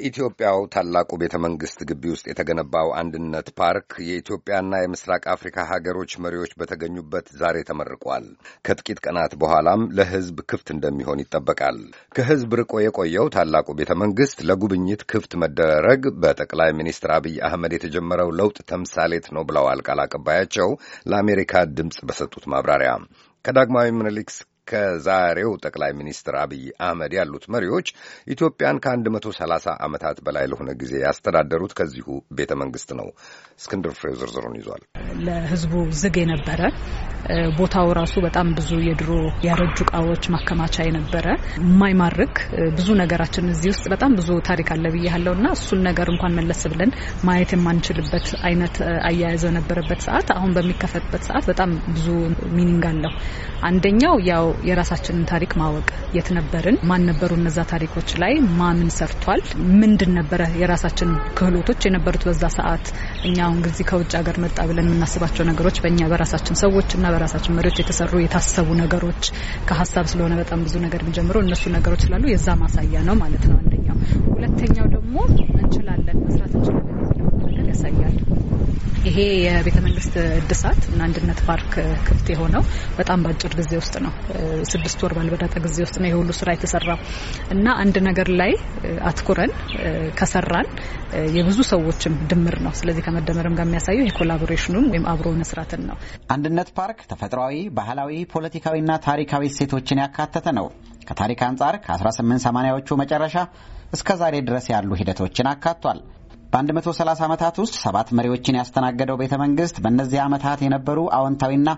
በኢትዮጵያው ታላቁ ቤተ መንግሥት ግቢ ውስጥ የተገነባው አንድነት ፓርክ የኢትዮጵያና የምስራቅ አፍሪካ ሀገሮች መሪዎች በተገኙበት ዛሬ ተመርቋል። ከጥቂት ቀናት በኋላም ለሕዝብ ክፍት እንደሚሆን ይጠበቃል። ከሕዝብ ርቆ የቆየው ታላቁ ቤተ መንግሥት ለጉብኝት ክፍት መደረግ በጠቅላይ ሚኒስትር አብይ አህመድ የተጀመረው ለውጥ ተምሳሌት ነው ብለዋል ቃል አቀባያቸው ለአሜሪካ ድምፅ በሰጡት ማብራሪያ ከዳግማዊ ምኒልክ ከዛሬው ጠቅላይ ሚኒስትር አብይ አህመድ ያሉት መሪዎች ኢትዮጵያን ከ130 ዓመታት በላይ ለሆነ ጊዜ ያስተዳደሩት ከዚሁ ቤተ መንግስት ነው። እስክንድር ፍሬው ዝርዝሩን ይዟል። ለህዝቡ ዝግ የነበረ ቦታው ራሱ በጣም ብዙ የድሮ ያረጁ እቃዎች ማከማቻ የነበረ የማይማርክ ብዙ ነገራችን እዚህ ውስጥ በጣም ብዙ ታሪክ አለ ብዬ ያለው እና እሱን ነገር እንኳን መለስ ብለን ማየት የማንችልበት አይነት አያያዘ ነበረበት ሰዓት አሁን በሚከፈትበት ሰዓት በጣም ብዙ ሚኒንግ አለው። አንደኛው ያው የራሳችንን ታሪክ ማወቅ የት ነበርን፣ ማን ነበሩ እነዛ ታሪኮች ላይ ማምን ሰርቷል፣ ምንድን ነበረ የራሳችን ክህሎቶች የነበሩት በዛ ሰዓት። እኛ አሁን ጊዜ ከውጭ ሀገር መጣ ብለን የምናስባቸው ነገሮች በእኛ በራሳችን እና በራሳችን መሪዎች የተሰሩ የታሰቡ ነገሮች ከሀሳብ ስለሆነ በጣም ብዙ ነገር የሚጀምረው እነሱ ነገሮች ስላሉ የዛ ማሳያ ነው ማለት ነው አንደኛው። ሁለተኛው ደግሞ እንችላለን ይሄ የቤተ መንግስት እድሳት እና አንድነት ፓርክ ክፍት የሆነው በጣም በአጭር ጊዜ ውስጥ ነው። ስድስት ወር ባልበለጠ ጊዜ ውስጥ ነው የሁሉ ስራ የተሰራው እና አንድ ነገር ላይ አትኩረን ከሰራን የብዙ ሰዎችም ድምር ነው። ስለዚህ ከመደመርም ጋር የሚያሳየው የኮላቦሬሽኑን ወይም አብሮ መስራትን ነው። አንድነት ፓርክ ተፈጥሯዊ፣ ባህላዊ፣ ፖለቲካዊና ታሪካዊ እሴቶችን ያካተተ ነው። ከታሪክ አንጻር ከ1880ዎቹ መጨረሻ እስከ ዛሬ ድረስ ያሉ ሂደቶችን አካቷል። በአንድ መቶ ሰላሳ ዓመታት ውስጥ ሰባት መሪዎችን ያስተናገደው ቤተ መንግስት በእነዚህ ዓመታት የነበሩ አዎንታዊና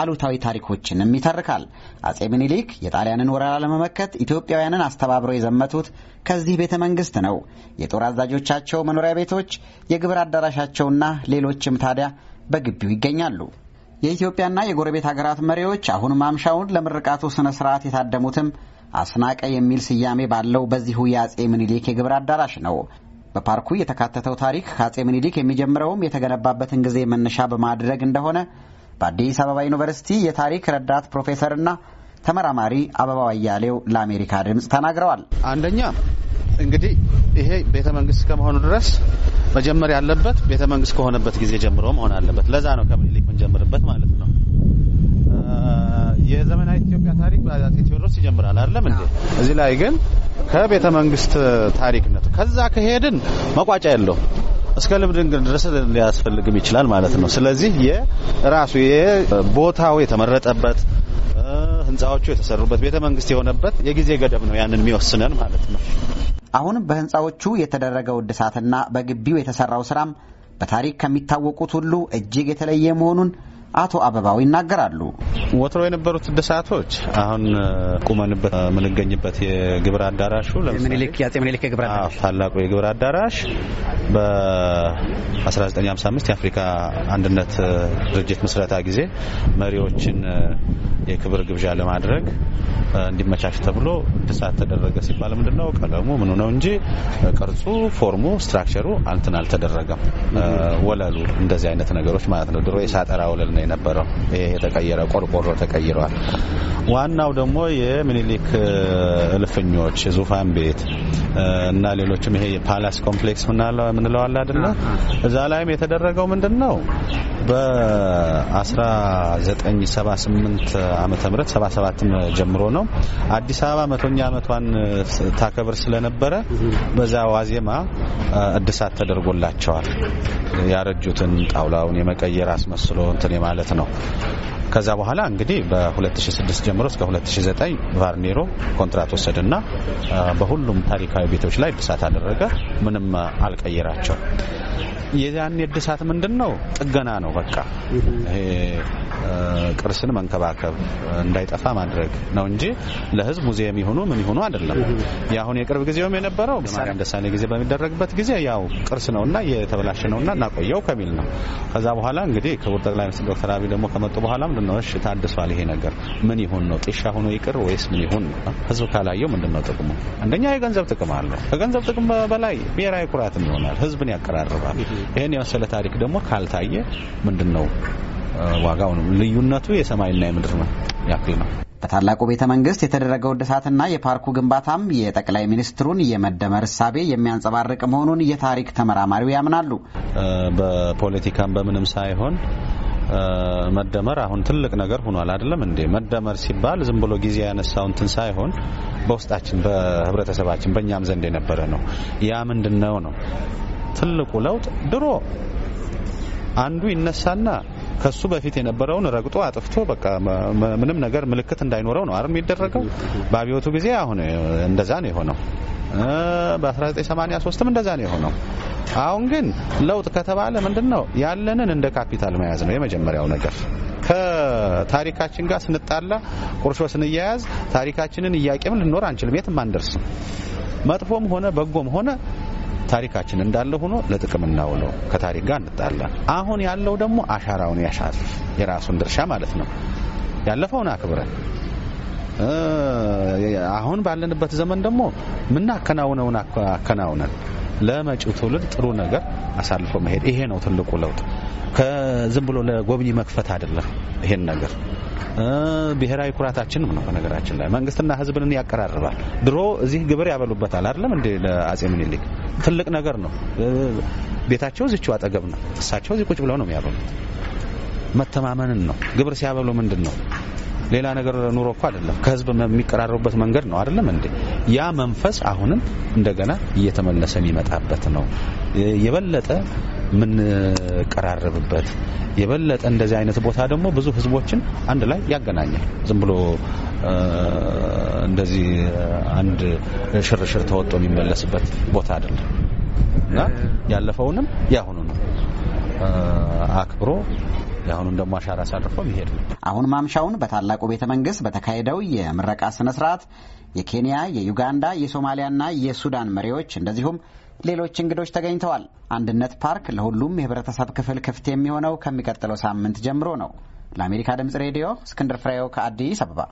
አሉታዊ ታሪኮችንም ይተርካል። አጼ ምኒልክ የጣሊያንን ወረራ ለመመከት ኢትዮጵያውያንን አስተባብረው የዘመቱት ከዚህ ቤተ መንግስት ነው። የጦር አዛዦቻቸው መኖሪያ ቤቶች፣ የግብር አዳራሻቸውና ሌሎችም ታዲያ በግቢው ይገኛሉ። የኢትዮጵያና የጎረቤት ሀገራት መሪዎች አሁን ማምሻውን ለምርቃቱ ስነ ስርዓት የታደሙትም አስናቀ የሚል ስያሜ ባለው በዚሁ የአጼ ምኒልክ የግብር አዳራሽ ነው። በፓርኩ የተካተተው ታሪክ አጼ ምኒልክ የሚጀምረውም የተገነባበትን ጊዜ መነሻ በማድረግ እንደሆነ በአዲስ አበባ ዩኒቨርሲቲ የታሪክ ረዳት ፕሮፌሰርና ተመራማሪ አበባው አያሌው ለአሜሪካ ድምፅ ተናግረዋል። አንደኛ እንግዲህ ይሄ ቤተ መንግስት ከመሆኑ ድረስ መጀመር ያለበት ቤተ መንግስት ከሆነበት ጊዜ ጀምሮ መሆን አለበት። ለዛ ነው ከምኒልክ ምንጀምርበት ማለት ነው። የዘመናዊ ኢትዮጵያ ታሪክ በአፄ ቴዎድሮስ ይጀምራል አይደለም እንዴ? እዚህ ላይ ግን ከቤተ መንግስት ታሪክነቱ ከዛ ከሄድን መቋጫ ያለው እስከ ልብድን ድረስ ሊያስፈልግም ይችላል ማለት ነው። ስለዚህ የራሱ ቦታው የተመረጠበት ህንፃዎቹ የተሰሩበት ቤተ መንግስት የሆነበት የጊዜ ገደብ ነው ያንን የሚወስነን ማለት ነው። አሁን በህንፃዎቹ የተደረገው እድሳትና በግቢው የተሰራው ስራም በታሪክ ከሚታወቁት ሁሉ እጅግ የተለየ መሆኑን አቶ አበባው ይናገራሉ። ወትሮ የነበሩት እድሳቶች አሁን ቁመንበት የምንገኝበት የግብር አዳራሹ ምኒልክ የግብር አዳራሽ ታላቁ የግብር አዳራሽ በ1955 የአፍሪካ አንድነት ድርጅት ምስረታ ጊዜ መሪዎችን የክብር ግብዣ ለማድረግ እንዲመቻች ተብሎ እድሳት ተደረገ ሲባል ምንድነው ቀለሙ ምኑ ነው እንጂ ቅርጹ፣ ፎርሙ፣ ስትራክቸሩ እንትን አልተደረገም። ወለሉ እንደዚህ አይነት ነገሮች ማለት ነው። ድሮ የሳጠራ ወለል ነው የነበረው። ይሄ የተቀየረ ቆርቆሮ ተቀይረዋል። ዋናው ደግሞ የሚኒሊክ እልፍኞች፣ የዙፋን ቤት እና ሌሎችም ይሄ የፓላስ ኮምፕሌክስ ምንለዋል አይደለ? እዛ ላይም የተደረገው ምንድነው በ1978 ዓ ም 77ም ጀምሮ ነው አዲስ አበባ መቶኛ ዓመቷን ታከብር ስለነበረ በዛ ዋዜማ እድሳት ተደርጎላቸዋል። ያረጁትን ጣውላውን የመቀየር አስመስሎ እንትን ማለት ነው። ከዛ በኋላ እንግዲህ በ2006 ጀምሮ እስከ 2009 ቫርኔሮ ኮንትራት ወሰደና በሁሉም ታሪካዊ ቤቶች ላይ እድሳት አደረገ። ምንም አልቀየራቸውም የዛኔ እድሳት ምንድን ነው? ጥገና ነው በቃ ቅርስን መንከባከብ እንዳይጠፋ ማድረግ ነው እንጂ ለህዝብ ሙዚየም ይሁኑ ምን ይሁኑ አይደለም። የአሁን የቅርብ ጊዜውም የነበረው ማርያም ደሳለኝ ጊዜ በሚደረግበት ጊዜ ያው ቅርስ ነውና የተበላሸ ነውና እናቆየው ከሚል ነው። ከዛ በኋላ እንግዲህ ክቡር ጠቅላይ ሚኒስትር ዶክተር አብይ ደግሞ ከመጡ በኋላ ምንድን ነው እሺ ታድሷል ይሄ ነገር ምን ይሁን ነው ጤሻ ሆኖ ይቅር ወይስ ምን ይሁን ነው? ህዝብ ካላየው ምንድን ነው ጥቅሙ? አንደኛ የገንዘብ ጥቅም አለው። ከገንዘብ ጥቅም በላይ ብሔራዊ ኩራትም ይሆናል፣ ህዝብን ያቀራርባል። ይህን የመሰለ ታሪክ ደግሞ ካልታየ ምንድን ነው ዋጋው ነው። ልዩነቱ የሰማይና የምድር ነው ያክል ነው። በታላቁ ቤተ መንግስት የተደረገው እድሳትና የፓርኩ ግንባታም የጠቅላይ ሚኒስትሩን የመደመር እሳቤ የሚያንጸባርቅ መሆኑን የታሪክ ተመራማሪው ያምናሉ። በፖለቲካም በምንም ሳይሆን መደመር አሁን ትልቅ ነገር ሆኗል። አይደለም እንዴ? መደመር ሲባል ዝም ብሎ ጊዜ ያነሳው እንትን ሳይሆን በውስጣችን፣ በህብረተሰባችን፣ በእኛም ዘንድ የነበረ ነው። ያ ምንድነው ነው ትልቁ ለውጥ ድሮ አንዱ ይነሳና ከሱ በፊት የነበረውን ረግጦ አጥፍቶ በቃ ምንም ነገር ምልክት እንዳይኖረው ነው አይደል የሚደረገው። በአብዮቱ ጊዜ አሁን እንደዛ ነው የሆነው። በ1983ም እንደዛ ነው የሆነው። አሁን ግን ለውጥ ከተባለ ምንድነው ያለንን እንደ ካፒታል መያዝ ነው የመጀመሪያው ነገር። ከታሪካችን ጋር ስንጣላ ቁርሾ ስንያያዝ ታሪካችንን እያቄም ልንኖር አንችልም፣ የትም አንደርስም። መጥፎም ሆነ በጎም ሆነ ታሪካችን እንዳለ ሆኖ ለጥቅም እናውለው፣ ከታሪክ ጋር እንጣላን። አሁን ያለው ደግሞ አሻራውን ያሻል፣ የራሱን ድርሻ ማለት ነው። ያለፈውን አክብረን አሁን ባለንበት ዘመን ደግሞ ምናከናውነውን አከናውነን ለመጪው ትውልድ ጥሩ ነገር አሳልፎ መሄድ ይሄ ነው ትልቁ ለውጥ። ከዝም ብሎ ለጎብኚ መክፈት አይደለም ይሄን ነገር ብሔራዊ ኩራታችንም ነው። በነገራችን ላይ መንግስትና ህዝብንን ያቀራርባል። ድሮ እዚህ ግብር ያበሉበታል አይደለም እንዴ? ለአጼ ምኒልክ ትልቅ ነገር ነው። ቤታቸው እዚችው አጠገብ ነው። እሳቸው እዚህ ቁጭ ብለው ነው የሚያበሉት። መተማመንን ነው። ግብር ሲያበሉ ምንድን ነው ሌላ ነገር ኑሮ እኮ አይደለም። ከህዝብ የሚቀራረቡበት መንገድ ነው አይደለም እንዴ? ያ መንፈስ አሁንም እንደገና እየተመለሰ የሚመጣበት ነው የበለጠ የምንቀራረብበት የበለጠ እንደዚህ አይነት ቦታ ደግሞ ብዙ ህዝቦችን አንድ ላይ ያገናኛል። ዝም ብሎ እንደዚህ አንድ ሽርሽር ተወጦ የሚመለስበት ቦታ አይደለም እና ያለፈውንም ያሁኑ አክብሮ አሁኑን ደግሞ አሻራ አሳርፎ መሄድ ነው። አሁን ማምሻውን በታላቁ ቤተ መንግስት በተካሄደው የምረቃ ስነ ስርዓት የኬንያ፣ የዩጋንዳ፣ የሶማሊያና የሱዳን መሪዎች እንደዚሁም ሌሎች እንግዶች ተገኝተዋል። አንድነት ፓርክ ለሁሉም የህብረተሰብ ክፍል ክፍት የሚሆነው ከሚቀጥለው ሳምንት ጀምሮ ነው። ለአሜሪካ ድምጽ ሬዲዮ እስክንድር ፍሬው ከአዲስ አበባ